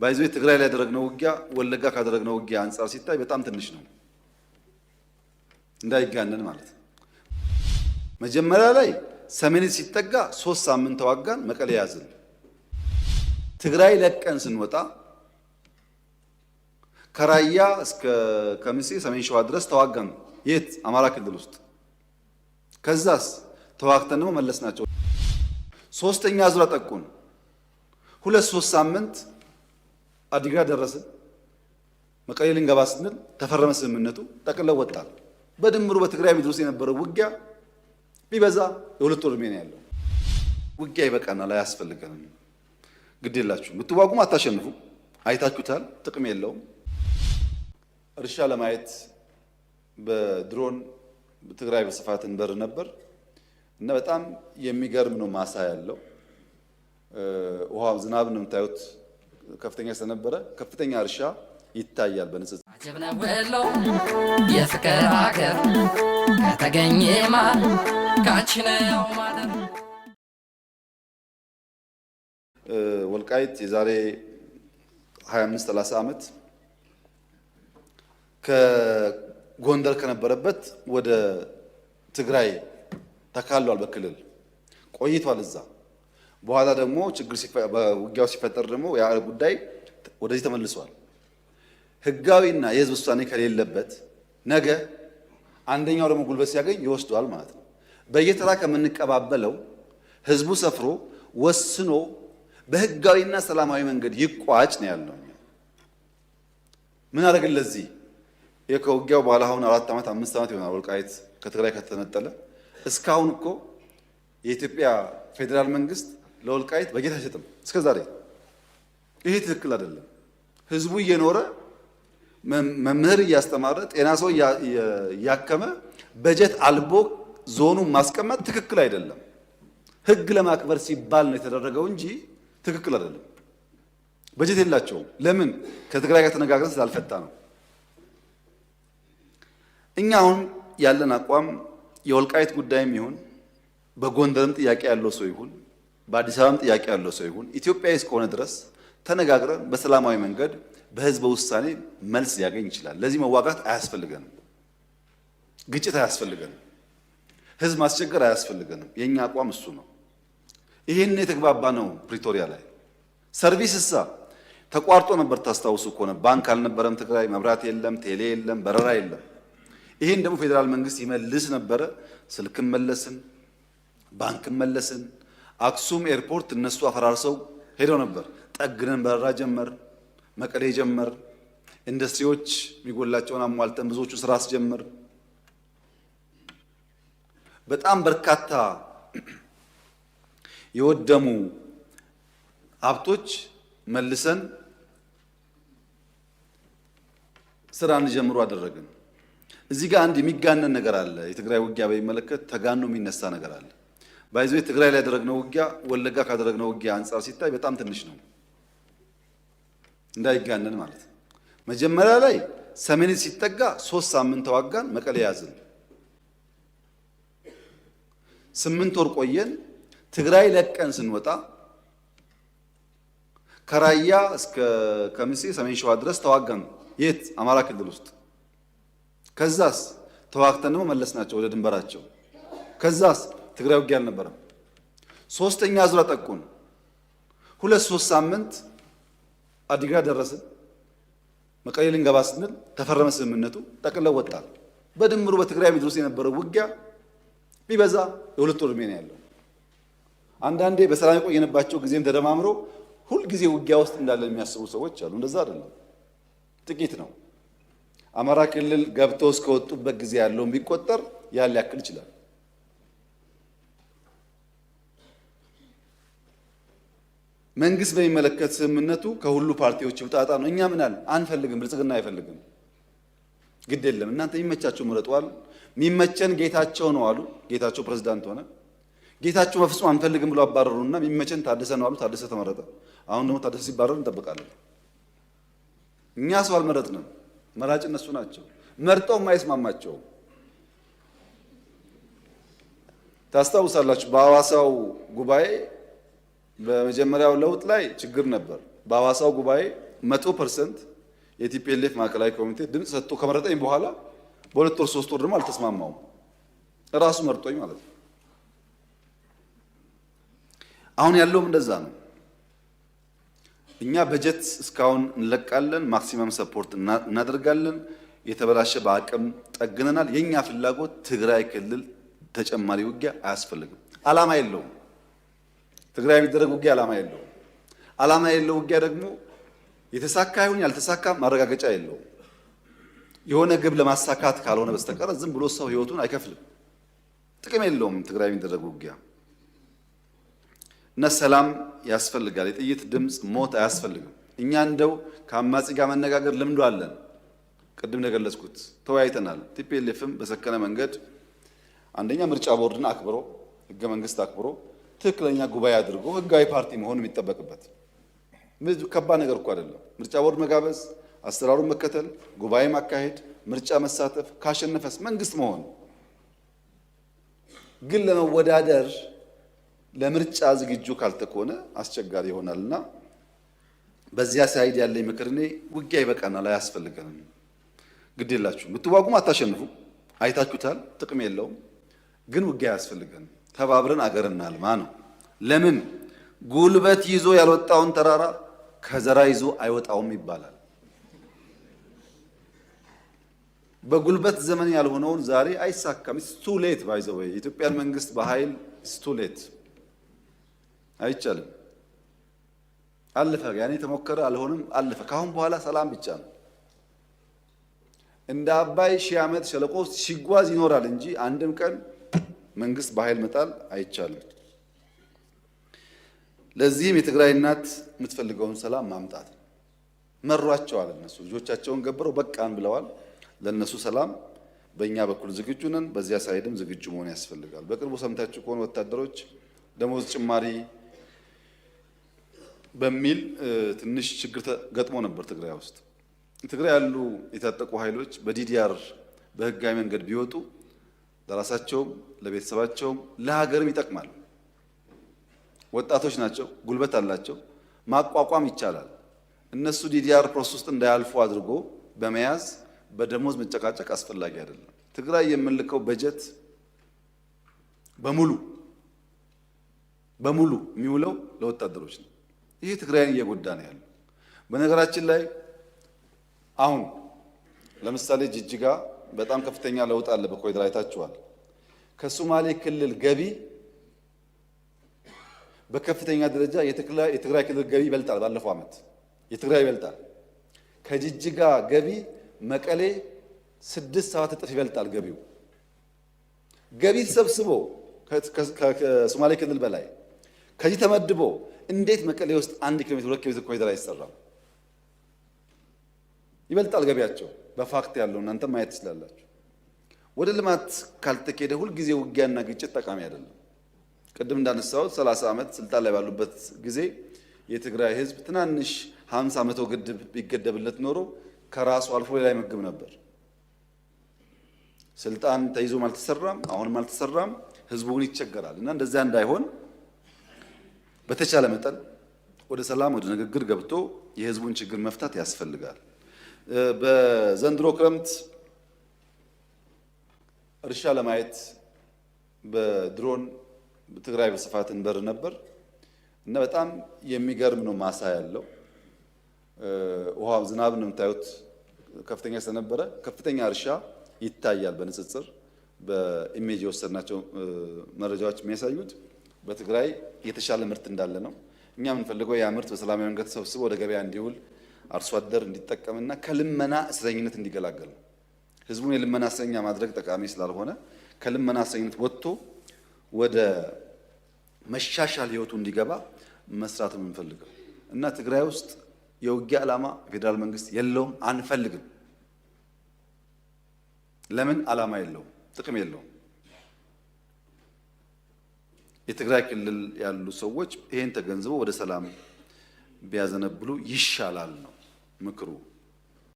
ባይዞ ትግራይ ላይ ያደረግነው ውጊያ ወለጋ ካደረግነው ውጊያ አንጻር ሲታይ በጣም ትንሽ ነው፣ እንዳይጋነን ማለት ነው። መጀመሪያ ላይ ሰሜን ሲጠጋ ሶስት ሳምንት ተዋጋን፣ መቀሌ ያዝን። ትግራይ ለቀን ስንወጣ ከራያ እስከ ከሚሴ ሰሜን ሸዋ ድረስ ተዋጋን። የት አማራ ክልል ውስጥ ከዛስ ተዋግተን ደግሞ መለስ ሶስተኛ ዙር አጠቁን። ሁለት ሶስት ሳምንት አዲግራት ደረስን። መቀሌ ልንገባ ስንል ተፈረመ ስምምነቱ፣ ጠቅልለው ወጣል። በድምሩ በትግራይ ምድር ውስጥ የነበረው ውጊያ ቢበዛ የሁለት ወር ዕድሜ ነው ያለው። ውጊያ ይበቃናል፣ አያስፈልገንም። ግድ የላችሁም፣ ብትዋጉም አታሸንፉ። አይታችሁታል፣ ጥቅም የለውም። እርሻ ለማየት በድሮን ትግራይ በስፋት እንበር ነበር እና በጣም የሚገርም ነው ማሳ ያለው ውሃ ዝናብ ነው የምታዩት ከፍተኛ ስለነበረ ከፍተኛ እርሻ ይታያል። በንጽጽ የፍቅር አገር ከተገኘ ወልቃይት የዛሬ 25 30 ዓመት ከጎንደር ከነበረበት ወደ ትግራይ ተካሏል። በክልል ቆይቷል እዛ በኋላ ደግሞ ችግር ውጊያው ሲፈጠር ደግሞ የአረብ ጉዳይ ወደዚህ ተመልሷል። ህጋዊና የህዝብ ውሳኔ ከሌለበት ነገ አንደኛው ደግሞ ጉልበት ሲያገኝ ይወስዷል ማለት ነው። በየተራ ከምንቀባበለው ህዝቡ ሰፍሮ ወስኖ በህጋዊና ሰላማዊ መንገድ ይቋጭ ነው ያለው። ምን አደረግን? ለዚህ ከውጊያው በኋላ አሁን አራት ዓመት አምስት ዓመት ይሆናል ወልቃይት ከትግራይ ከተነጠለ። እስካሁን እኮ የኢትዮጵያ ፌዴራል መንግስት ለወልቃይት በጌታ አይሰጥም እስከ ዛሬ። ይሄ ትክክል አይደለም። ህዝቡ እየኖረ መምህር እያስተማረ ጤና ሰው እያከመ በጀት አልቦ ዞኑን ማስቀመጥ ትክክል አይደለም። ህግ ለማክበር ሲባል ነው የተደረገው እንጂ ትክክል አይደለም። በጀት የላቸውም። ለምን? ከትግራይ ጋር ተነጋግረን ስላልፈታ ነው። እኛ አሁን ያለን አቋም የወልቃይት ጉዳይም ይሁን በጎንደርም ጥያቄ ያለው ሰው ይሁን በአዲስ አበባም ጥያቄ ያለው ሰው ይሁን ኢትዮጵያዊ እስከሆነ ድረስ ተነጋግረን በሰላማዊ መንገድ በህዝበ ውሳኔ መልስ ሊያገኝ ይችላል። ለዚህ መዋጋት አያስፈልገንም፣ ግጭት አያስፈልገንም፣ ህዝብ ማስቸገር አያስፈልገንም። የእኛ አቋም እሱ ነው። ይህን የተግባባ ነው ፕሪቶሪያ ላይ። ሰርቪስ እሳ ተቋርጦ ነበር ታስታውሱ ከሆነ ባንክ አልነበረም ትግራይ፣ መብራት የለም፣ ቴሌ የለም፣ በረራ የለም። ይህን ደግሞ ፌዴራል መንግስት ይመልስ ነበረ። ስልክም መለስን፣ ባንክም መለስን አክሱም ኤርፖርት እነሱ አፈራርሰው ሄደው ነበር። ጠግነን በረራ ጀመር፣ መቀሌ ጀመር፣ ኢንዱስትሪዎች የሚጎላቸውን አሟልተን ብዙዎቹ ስራ አስጀምር። በጣም በርካታ የወደሙ ሀብቶች መልሰን ስራ እንጀምሩ አደረግን። እዚህ ጋር አንድ የሚጋነን ነገር አለ። የትግራይ ውጊያ በሚመለከት ተጋኖ የሚነሳ ነገር አለ። ባይዞ ትግራይ ላይ ያደረግነው ውጊያ ወለጋ ካደረግነው ውጊያ አንጻር ሲታይ በጣም ትንሽ ነው፣ እንዳይጋነን ማለት ነው። መጀመሪያ ላይ ሰሜን ሲጠጋ ሶስት ሳምንት ተዋጋን፣ መቀሌ ያዝን። ስምንት ወር ቆየን። ትግራይ ለቀን ስንወጣ ከራያ እስከ ከምሴ ሰሜን ሸዋ ድረስ ተዋጋን። የት አማራ ክልል ውስጥ። ከዛስ ተዋግተን ደግሞ መለስናቸው ወደ ድንበራቸው። ከዛስ ትግራይ ውጊያ አልነበረም። ሶስተኛ ዙር አጠቁን። ሁለት ሶስት ሳምንት አዲግራ ደረስን። መቀሌ ልንገባ ስንል ተፈረመ ስምምነቱ፣ ጠቅለው ወጣል። በድምሩ በትግራይ ምድር ውስጥ የነበረው ውጊያ ቢበዛ የሁለት ወር ዕድሜ ነው ያለው። አንዳንዴ በሰላም የቆየንባቸው ጊዜም ተደማምሮ ሁልጊዜ ውጊያ ውስጥ እንዳለን የሚያስቡ ሰዎች አሉ። እንደዛ አይደለም፣ ጥቂት ነው። አማራ ክልል ገብተው እስከወጡበት ጊዜ ያለውን ቢቆጠር ያለ ያክል ይችላል። መንግስት በሚመለከት ስምምነቱ ከሁሉ ፓርቲዎች ውጣጣ ነው። እኛ ምናል አንፈልግም፣ ብልጽግና አይፈልግም። ግድ የለም እናንተ የሚመቻቸው ምረጡ የሚመቸን ጌታቸው ነው አሉ። ጌታቸው ፕሬዝዳንት ሆነ። ጌታቸው በፍጹም አንፈልግም ብሎ አባረሩና የሚመቸን ታደሰ ነው አሉ። ታደሰ ተመረጠ። አሁን ደግሞ ታደሰ ሲባረር እንጠብቃለን። እኛ ሰው አልመረጥንም፣ መራጭ እነሱ ናቸው። መርጠው የማይስማማቸው ታስታውሳላችሁ በሐዋሳው ጉባኤ በመጀመሪያው ለውጥ ላይ ችግር ነበር። በሐዋሳው ጉባኤ መቶ ፐርሰንት የቲፒኤልኤፍ ማዕከላዊ ኮሚቴ ድምፅ ሰጥቶ ከመረጠኝ በኋላ በሁለት ወር ሶስት ወር ደግሞ አልተስማማውም። እራሱ መርጦኝ ማለት ነው። አሁን ያለውም እንደዛ ነው። እኛ በጀት እስካሁን እንለቃለን፣ ማክሲመም ሰፖርት እናደርጋለን። የተበላሸ በአቅም ጠግነናል። የእኛ ፍላጎት ትግራይ ክልል ተጨማሪ ውጊያ አያስፈልግም። አላማ የለውም። ትግራይ የሚደረግ ውጊያ ዓላማ የለውም። ዓላማ የለው ውጊያ ደግሞ የተሳካ ይሁን ያልተሳካ ማረጋገጫ የለውም። የሆነ ግብ ለማሳካት ካልሆነ በስተቀር ዝም ብሎ ሰው ህይወቱን አይከፍልም። ጥቅም የለውም ትግራይ የሚደረግ ውጊያ እና ሰላም ያስፈልጋል። የጥይት ድምፅ ሞት አያስፈልግም። እኛ እንደው ከአማጺ ጋር መነጋገር ልምዶ አለን። ቅድም እንደገለጽኩት ተወያይተናል። ቲፒኤልኤፍም በሰከነ መንገድ አንደኛ ምርጫ ቦርድን አክብሮ ህገ መንግስት አክብሮ ትክክለኛ ጉባኤ አድርጎ ህጋዊ ፓርቲ መሆን የሚጠበቅበት ከባድ ነገር እኮ አይደለም። ምርጫ ቦርድ መጋበዝ፣ አሰራሩን መከተል፣ ጉባኤ ማካሄድ፣ ምርጫ መሳተፍ፣ ካሸነፈስ መንግስት መሆን። ግን ለመወዳደር ለምርጫ ዝግጁ ካልተኮነ አስቸጋሪ ይሆናል እና በዚያ ሳይድ ያለኝ ምክር እኔ ውጊያ ይበቃናል፣ አያስፈልገንም። ግድ የላችሁ ብትዋጉም አይታችሁታል፣ ጥቅም የለውም። ግን ውጊያ አያስፈልገንም። ተባብረን አገር እናልማ ነው። ለምን ጉልበት ይዞ ያልወጣውን ተራራ ከዘራ ይዞ አይወጣውም ይባላል። በጉልበት ዘመን ያልሆነውን ዛሬ አይሳካም። ስቱሌት ባይዘወ የኢትዮጵያን መንግስት በኃይል ሌት አይቻልም። አለፈ። ያኔ ተሞከረ፣ አልሆንም፣ አለፈ። ከአሁን በኋላ ሰላም ብቻ ነው። እንደ አባይ ሺህ ዓመት ሸለቆ ሲጓዝ ይኖራል እንጂ አንድም ቀን መንግስት በኃይል መጣል አይቻልም። ለዚህም የትግራይ እናት የምትፈልገውን ሰላም ማምጣት መሯቸዋል። እነሱ ልጆቻቸውን ገብረው በቃን ብለዋል። ለእነሱ ሰላም በእኛ በኩል ዝግጁ ነን። በዚያ ሳይድም ዝግጁ መሆን ያስፈልጋል። በቅርቡ ሰምታችሁ ከሆነ ወታደሮች ደሞዝ ጭማሪ በሚል ትንሽ ችግር ገጥሞ ነበር ትግራይ ውስጥ። ትግራይ ያሉ የታጠቁ ኃይሎች በዲዲአር በህጋዊ መንገድ ቢወጡ ለራሳቸውም ለቤተሰባቸውም ለሀገርም ይጠቅማል። ወጣቶች ናቸው፣ ጉልበት አላቸው፣ ማቋቋም ይቻላል። እነሱ ዲዲአር ፕሮሰስ ውስጥ እንዳያልፉ አድርጎ በመያዝ በደሞዝ መጨቃጨቅ አስፈላጊ አይደለም። ትግራይ የምንልከው በጀት በሙሉ በሙሉ የሚውለው ለወታደሮች ነው። ይህ ትግራይን እየጎዳ ነው ያለው። በነገራችን ላይ አሁን ለምሳሌ ጅጅጋ በጣም ከፍተኛ ለውጥ አለ። በኮሪደር አይታችኋል። ከሶማሌ ክልል ገቢ በከፍተኛ ደረጃ የትግራይ ክልል ገቢ ይበልጣል። ባለፈው ዓመት የትግራይ ይበልጣል። ከጅጅጋ ገቢ መቀሌ ስድስት ሰባት እጥፍ ይበልጣል ገቢው ገቢ ተሰብስቦ ከሶማሌ ክልል በላይ ከዚህ ተመድቦ እንዴት መቀሌ ውስጥ አንድ ኪሎ ሜትር ሁለት ኪሎ ሜትር ኮሪደር አይሰራም? ይበልጣል ገቢያቸው። በፋክት ያለው እናንተ ማየት ትችላላችሁ። ወደ ልማት ካልተኬደ ሁልጊዜ ውጊያና ግጭት ጠቃሚ አይደለም። ቅድም እንዳነሳሁት 30 ዓመት ስልጣን ላይ ባሉበት ጊዜ የትግራይ ህዝብ ትናንሽ 50 መቶ ግድብ ቢገደብለት ኖሮ ከራሱ አልፎ ሌላ ይመግብ ነበር። ስልጣን ተይዞም አልተሰራም፣ አሁንም አልተሰራም። ሕዝቡ ግን ይቸገራል እና እንደዚያ እንዳይሆን በተቻለ መጠን ወደ ሰላም ወደ ንግግር ገብቶ የህዝቡን ችግር መፍታት ያስፈልጋል። በዘንድሮ ክረምት እርሻ ለማየት በድሮን ትግራይ በስፋት እንበር ነበር እና በጣም የሚገርም ነው ማሳ ያለው ውሃ ዝናብ ነው የምታዩት ከፍተኛ ስለነበረ ከፍተኛ እርሻ ይታያል። በንጽጽር በኢሜጅ የወሰድናቸው መረጃዎች የሚያሳዩት በትግራይ የተሻለ ምርት እንዳለ ነው። እኛ የምንፈልገው ያ ምርት በሰላማዊ መንገድ ተሰብስቦ ወደ ገበያ እንዲውል አርሶ አደር እንዲጠቀምና ከልመና እስረኝነት እንዲገላገል ነው። ህዝቡን የልመና እስረኛ ማድረግ ጠቃሚ ስላልሆነ ከልመና እስረኝነት ወጥቶ ወደ መሻሻል ህይወቱ እንዲገባ መስራት የምንፈልገው እና ትግራይ ውስጥ የውጊያ ዓላማ የፌዴራል መንግስት የለውም፣ አንፈልግም። ለምን ዓላማ የለውም፣ ጥቅም የለውም። የትግራይ ክልል ያሉ ሰዎች ይሄን ተገንዝበው ወደ ሰላም ቢያዘነብሉ ይሻላል ነው። مكروه